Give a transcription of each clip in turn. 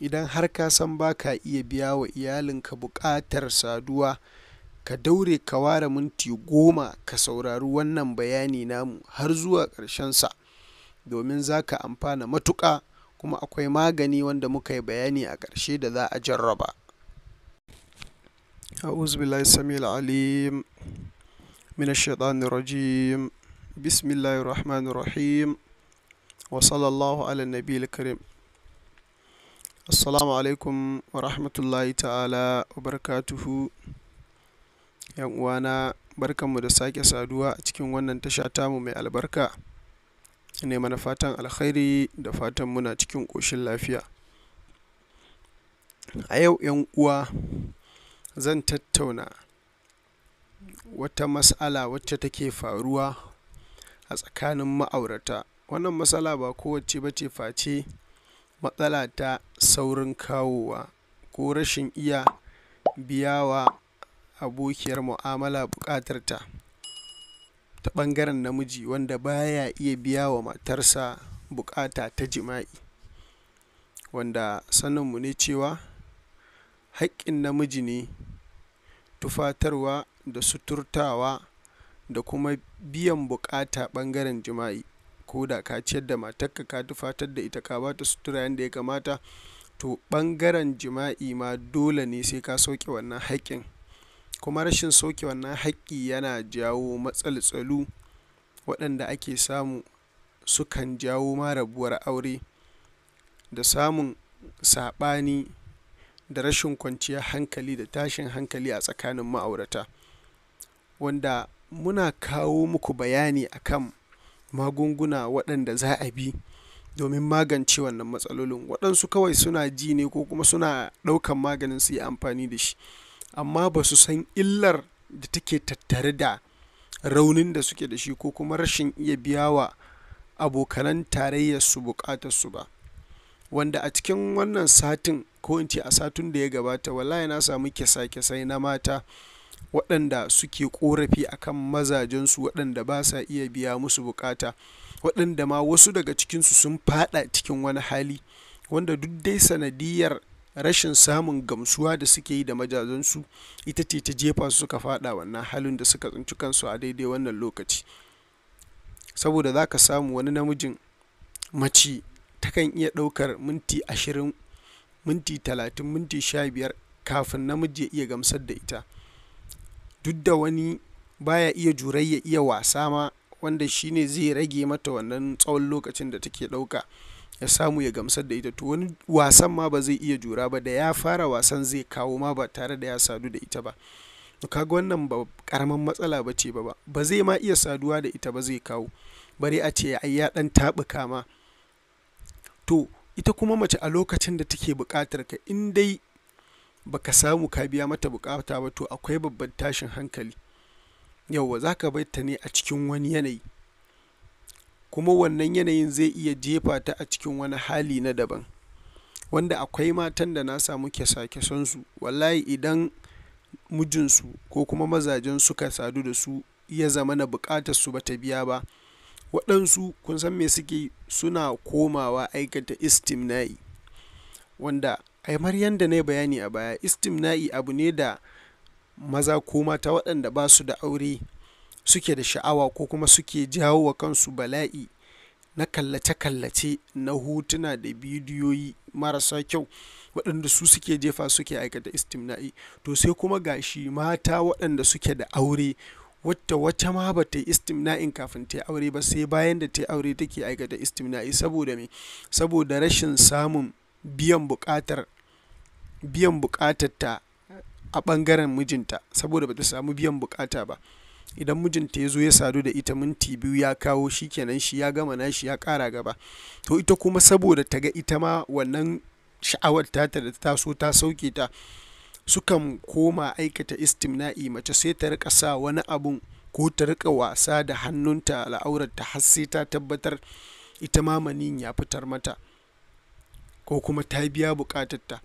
idan har ka san ba ka iya biya wa iyalinka buƙatar saduwa, ka daure ka ware minti goma ka saurari wannan bayani namu har zuwa sa domin za ka amfana matuƙa kuma akwai magani wanda muka yi bayani a ƙarshe da za a jarraba. أعوذ بالله بسم الله الرحمن الرحيم وصلى الله على النبي الكريم Assalamu alaikum wa rahmatullahi ta'ala wa barakatuhu. ‘Yan uwana, barkanmu da sake saduwa a cikin wannan tasha tamu mai albarka. Ne mana fatan alkhairi da fatan muna cikin koshin lafiya. A yau ‘yan uwa zan tattauna wata mas'ala wacce take faruwa a tsakanin ma'aurata. Wannan matsala ba kowacce ba ce face matsala ta saurin kawowa ko rashin iya biyawa abokiyar mu'amala buƙatarta ta ɓangaren namiji wanda baya iya biya wa matarsa buƙata ta jima'i wanda saninmu ne cewa haƙƙin namiji ne tufatarwa da suturtawa da kuma biyan buƙata ɓangaren jima'i ko da ka ciyar da matarka ka tufatar da ita ka bata ta sutura yadda ya kamata to ɓangaren jima'i ma dole ne sai ka sauke wannan haƙƙin kuma rashin sauke wannan haƙƙi yana jawo matsaltsalu waɗanda ake samu sukan jawo ma rabuwar aure da samun saɓani da rashin kwanciyar hankali da tashin hankali a tsakanin ma'aurata wanda muna kawo muku bayani akan magunguna waɗanda za a bi domin magance wannan matsalolin waɗansu kawai suna ji ne ko kuma suna ɗaukan maganin su yi amfani da shi amma ba su san illar da take tattare da raunin da suke da shi ko kuma rashin iya biya wa abokanan tarayyarsu su ba wanda a cikin wannan satin ko in ce a satin da ya gabata wallahi na samu kyasa-kyasai na mata waɗanda suke ƙorafi a kan mazajensu waɗanda ba sa iya biya musu bukata waɗanda ma wasu daga cikinsu sun fada cikin wani hali wanda duk dai sanadiyar rashin samun gamsuwa da suke yi da majazansu ita ce ta jefa su suka fada wannan halin da suka tsinci kansu a daidai wannan lokaci saboda za ka samu wani namijin mace takan iya ɗaukar minti ashirin minti talatin minti sha biyar kafin namiji ya iya gamsar da ita duk da wani baya iya jurai ya iya wasa ma wanda shi ne zai rage mata wannan tsawon lokacin da take ɗauka ya samu ya gamsar da ita to wani wasan ma ba zai iya jura ba da ya fara wasan zai kawo ma ba tare da ya sadu da ita ba to kaga wannan ba karaman matsala ba ce ba ba ba zai ma iya saduwa da ita ba zai kawo bari a ce ai ya dan tabuka ma to ita kuma mace a lokacin da take bukatar ka in dai baka samu ka biya mata bukata ba to akwai babban tashin hankali yauwa za ka bai ta ne a cikin wani yanayi kuma wannan yanayin zai iya jefa ta a cikin wani hali na daban wanda akwai matan da na samu kyasa su wallahi idan mijinsu ko kuma mazajen suka sadu da su ya zama na bukatar su bata biya ba waɗansu kun san me suke suna komawa aikata istimna'i wanda kamar yadda na yi bayani a baya istimna'i abu ne da maza ko mata waɗanda ba su da aure suke da sha'awa ko kuma suke jawo wa kansu bala'i na kallace-kallace na hotuna da bidiyoyi marasa kyau waɗanda su suke jefa suke aikata istimna'i to sai kuma gashi mata waɗanda suke da aure wata wata ma ba ta yi istimna'in kafin ta yi aure ba sai bayan da ta yi aure take aikata istimna'i saboda saboda rashin samun biyan buƙatar biyan bukatarta a ɓangaren mijinta saboda bata samu biyan bukata ba idan mijinta ya zo ya sadu da ita minti biyu ya kawo shi kenan shi ya gama nashi ya kara gaba to ita kuma saboda ta ga ita ma wannan sha'awar tata da ta so ta sauke ta sukan koma aikata istimna'i mace sai ta rika sa wani abun ko ta rika wasa da hannunta ta har sai ta tabbatar ita ma manin ya fitar mata ko kuma ta biya bukatarta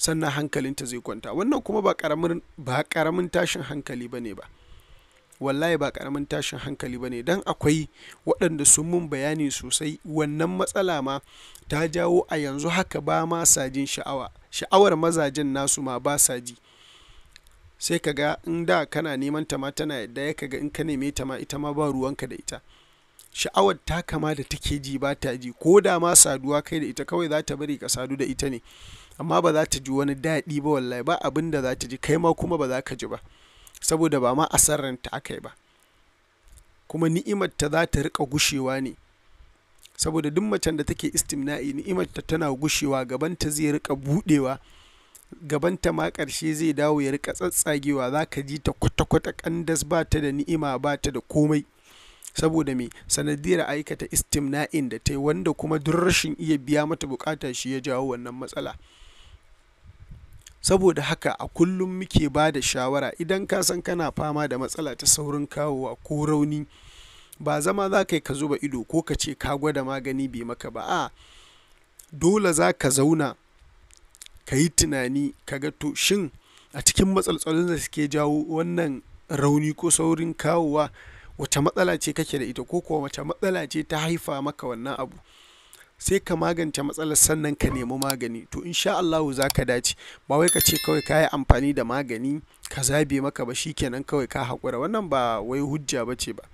sannan hankalinta zai kwanta wannan kuma ba karamin ba karamin tashin hankali bane ba wallahi ba karamin tashin hankali bane dan akwai waɗanda sun mun bayani sosai wannan matsala ma ta jawo a yanzu haka ba ma sajin sha'awa sha'awar mazajen nasu ma ba sa ji sai kaga in da kana neman ta ma tana yadda ya kaga in ka neme ta ma ita ma ba ruwanka da ita sha'awar ta kama da take ji ba ta ji ko da ma saduwa kai da ita kawai za ta bari ka sadu da ita ne amma ba za ta ji wani daɗi ba wallahi ba abin da za ta ji kai ma kuma ba za ka ji ba saboda ba ma ta aka yi ba kuma ni'imar ta za ta riƙa gushewa ne saboda duk macen da take istimna'i ni'imar ta tana gushewa gabanta zai riƙa buɗewa gabanta ma ƙarshe zai dawo ya riƙa tsatsagewa za ka ji ta kwata-kwata ƙandas ba ta da ni'ima ba ta da komai saboda me sanadiyar aikata istimna'in da ta yi wanda kuma duk rashin iya biya mata bukata shi ya jawo wannan matsala saboda haka a kullum muke ba da shawara idan ka san kana fama da matsala ta saurin kawowa ko rauni ba zama za ka yi ka zuba ido ko ka ce ka gwada magani bai maka ba a dole za ka zauna ka yi tunani ka ga to shin a cikin matsaltsalun da suke jawo wannan rauni ko saurin kawowa wace matsala ce kake da ita ko kuwa wace matsala ce ta haifa maka wannan abu sai ka magance matsalar sannan ka nemi magani to insha Allah za ka dace ba wai ka ce kawai ka yi amfani da magani ka zabe maka ba shikenan kawai ka haƙura wannan ba wai hujja ba ce ba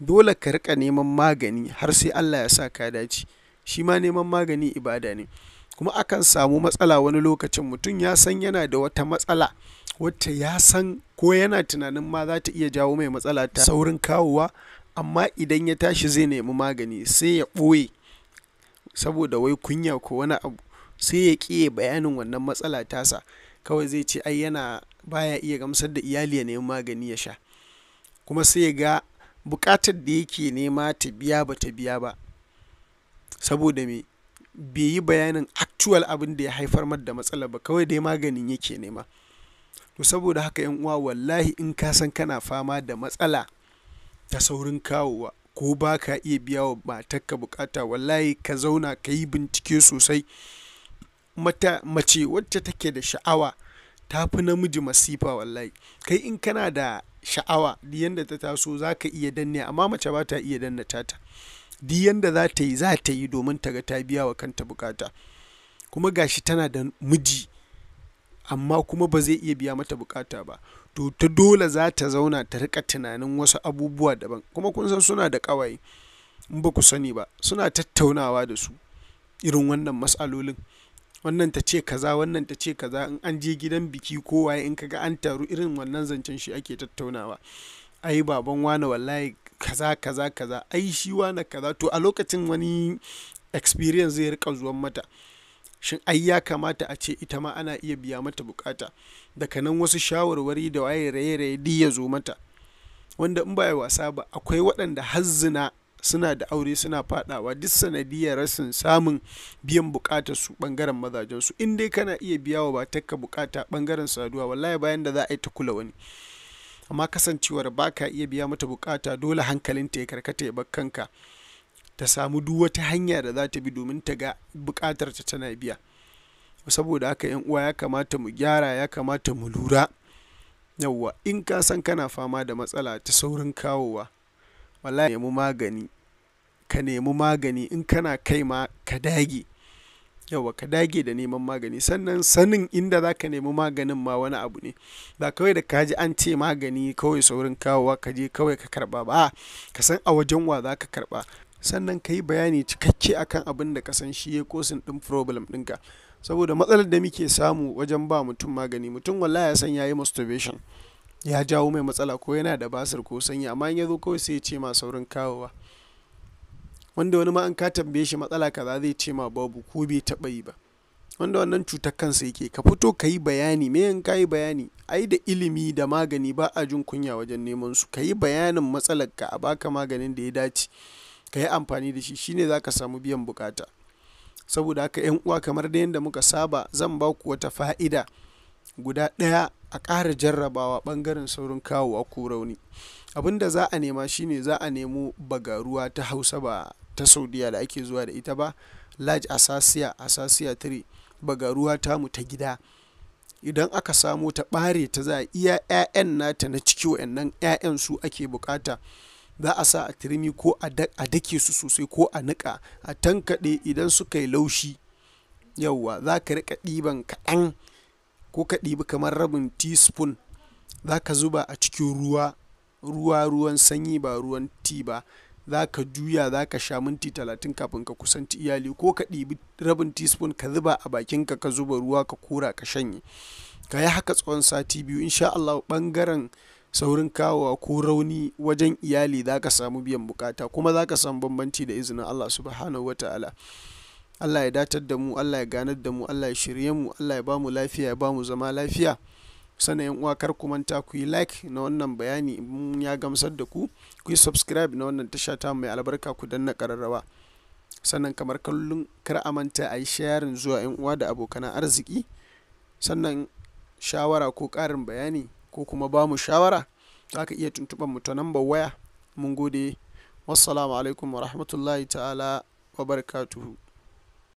dole ka rika neman magani har sai Allah ya sa ka dace shi ma neman magani ibada ne kuma akan samu matsala wani lokacin mutum ya san yana da wata matsala wacce ya san ko yana tunanin ma za ta iya jawo mai matsala ta saurin kawowa amma idan ya tashi zai nemi magani sai ya ɓoye saboda wai kunya ko wani abu sai ya ƙiye bayanin wannan matsala tasa kawai zai ce ai yana baya iya gamsar da iyali ya nemi magani ya sha kuma sai ya ga buƙatar da yake nema ta biya ba ta biya ba saboda me bai yi bayanin actual abin da ya haifar mar da matsala ba kawai dai maganin yake nema to saboda haka yan uwa wallahi in ka san kana fama da matsala ta saurin kawowa ko ba ka iya biya wa matarka bukata wallahi ka zauna ka yi bincike sosai mata mace wacce take da sha'awa ta fi namiji masifa wallahi kai in kana da sha'awa duk yanda ta taso za ka iya danne amma mace ba ta iya danna tata duk yanda za ta yi za ta yi domin ta ga ta biya wa kanta bukata kuma gashi tana da miji amma kuma ba zai iya biya mata bukata ba to ta dole za ta zauna ta rika tunanin wasu abubuwa daban kuma kun san suna da ƙawaye in ba ku sani ba suna tattaunawa da su irin wannan matsalolin wannan ta ce kaza wannan ta ce kaza in an je gidan biki kowa in kaga an taru irin wannan zancen shi ake tattaunawa ai baban wani wallahi kaza kaza kaza ai shi wani kaza to a lokacin wani experience zai rika zuwan mata shin ai ya kamata a ce ita ma ana iya biya mata bukata daga nan wasu shawarwari da waye raye-raye di ya zo mata wanda in ba ya wasa ba akwai waɗanda hazzina suna da aure suna fadawa duk sanadiyar rasin samun biyan bukata su bangaren mazajen su in dai kana iya biya wa batakka bukata bangaren saduwa wallahi bayan da za a yi ta kula wani amma kasancewar baka iya biya mata bukata dole hankalinta ya karkata ya bar kanka ta samu duk wata hanya da za ta bi domin ta ga bukatar ta tana biya saboda haka yan uwa ya kamata mu gyara ya kamata mu lura yawwa in ka san kana fama da matsala ta saurin kawowa wallahi nemi magani ka nemi magani in kana kai ma ka dage yawwa ka dage da neman magani sannan sanin inda za ka nemi maganin ma wani abu ne ba kawai da kaji an ce magani kawai saurin kawowa ka je kawai ka karba ba ka san a wajen wa za ka karba sannan ka yi bayani cikakke akan abin da ka san shi ya kosin ɗin problem ɗinka saboda matsalar da muke samu wajen ba mutum magani mutum wallahi ya san ya yi masturbation ya jawo mai matsala ko yana da basir ko sanya amma in ya zo kawai sai ya ce ma saurin kawowa wanda wani ma an ka tambaye shi matsala kaza zai ce ma babu ko bai taɓa yi ba wanda wannan cutar kansa yake ka fito ka yi bayani me yan ka yi bayani ai da ilimi da magani ba a jin kunya wajen neman su ka yi bayanin matsalar ka a baka maganin da ya dace ka yi amfani da shi shine za ka samu biyan bukata saboda haka yan uwa kamar da yadda muka saba zan ba ku wata fa'ida guda ɗaya a ƙara jarrabawa ɓangaren saurin kawowa ko rauni abin da za a nema shine za a nemo bagaruwa ta hausa ba ta saudiya da ake zuwa da ita ba large asasiya asasiya 3 bagaruwa mu ta gida idan aka samo ta ɓare ta za a iya 'ya'yan nata na ciki nan 'ya'yan su ake bukata za a sa a turmi ko a dake su sosai ko a niƙa a tankaɗe idan suka yi laushi yauwa za ka riƙa ɗiban kaɗan ko ka ɗibi kamar rabin teaspoon za ka zuba a cikin ruwa ruwa ruwan sanyi ba ruwan ti ba za ka juya za ka sha minti talatin kafin ka kusanci iyali ko ka ɗibi rabin teaspoon ka zuba a bakinka ka zuba ruwa ka kura ka shanye ka yi haka tsawon sati biyu insha Allah ɓangaren saurin kawowa ko rauni wajen iyali za ka samu biyan bukata kuma za ka samu bambanci da izinin Allah subhanahu wa ta'ala Allah ya datar da mu Allah ya ganar da mu Allah ya shirye mu Allah ya ba mu lafiya ya ba mu zama lafiya sannan yan uwa kar ku manta ku yi like na wannan bayani in ya gamsar da ku ku yi subscribe na wannan tasha ta mai albarka ku danna kararrawa sannan kamar kallon kar a manta a yi sharing zuwa yan uwa da abokan arziki sannan shawara ko ƙarin bayani ko kuma ba mu shawara za ka iya tuntuɓar mu ta nambar waya mun gode wassalamu alaikum wa rahmatullahi ta'ala wa barakatuhu